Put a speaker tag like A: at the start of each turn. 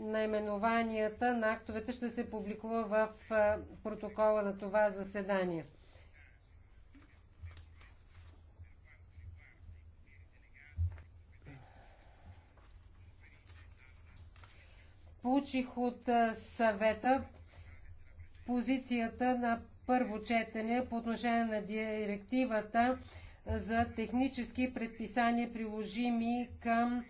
A: наименованията на актовете ще се публикува в протокола на това заседание. Получих от съвета позицията на първо четене по отношение на директивата за технически предписания, приложими към